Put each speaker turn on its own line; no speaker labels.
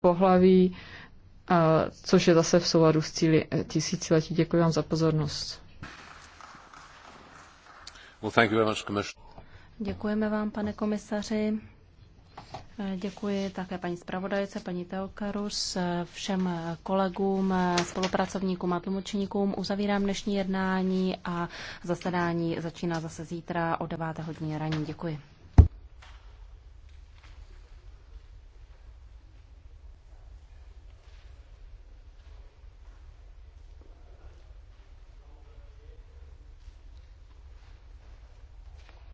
pohlaví, což je zase v souladu s cíli e, tisíciletí. Děkuji vám za
pozornost.
Well, thank you very much,
Děkujeme vám, pane komisaři. E, děkuji také paní zpravodajce, paní Teokarus, e, všem kolegům, spolupracovníkům a tlumočníkům. Uzavírám dnešní jednání a zasedání začíná zase zítra o 9 hodině ranní. Děkuji.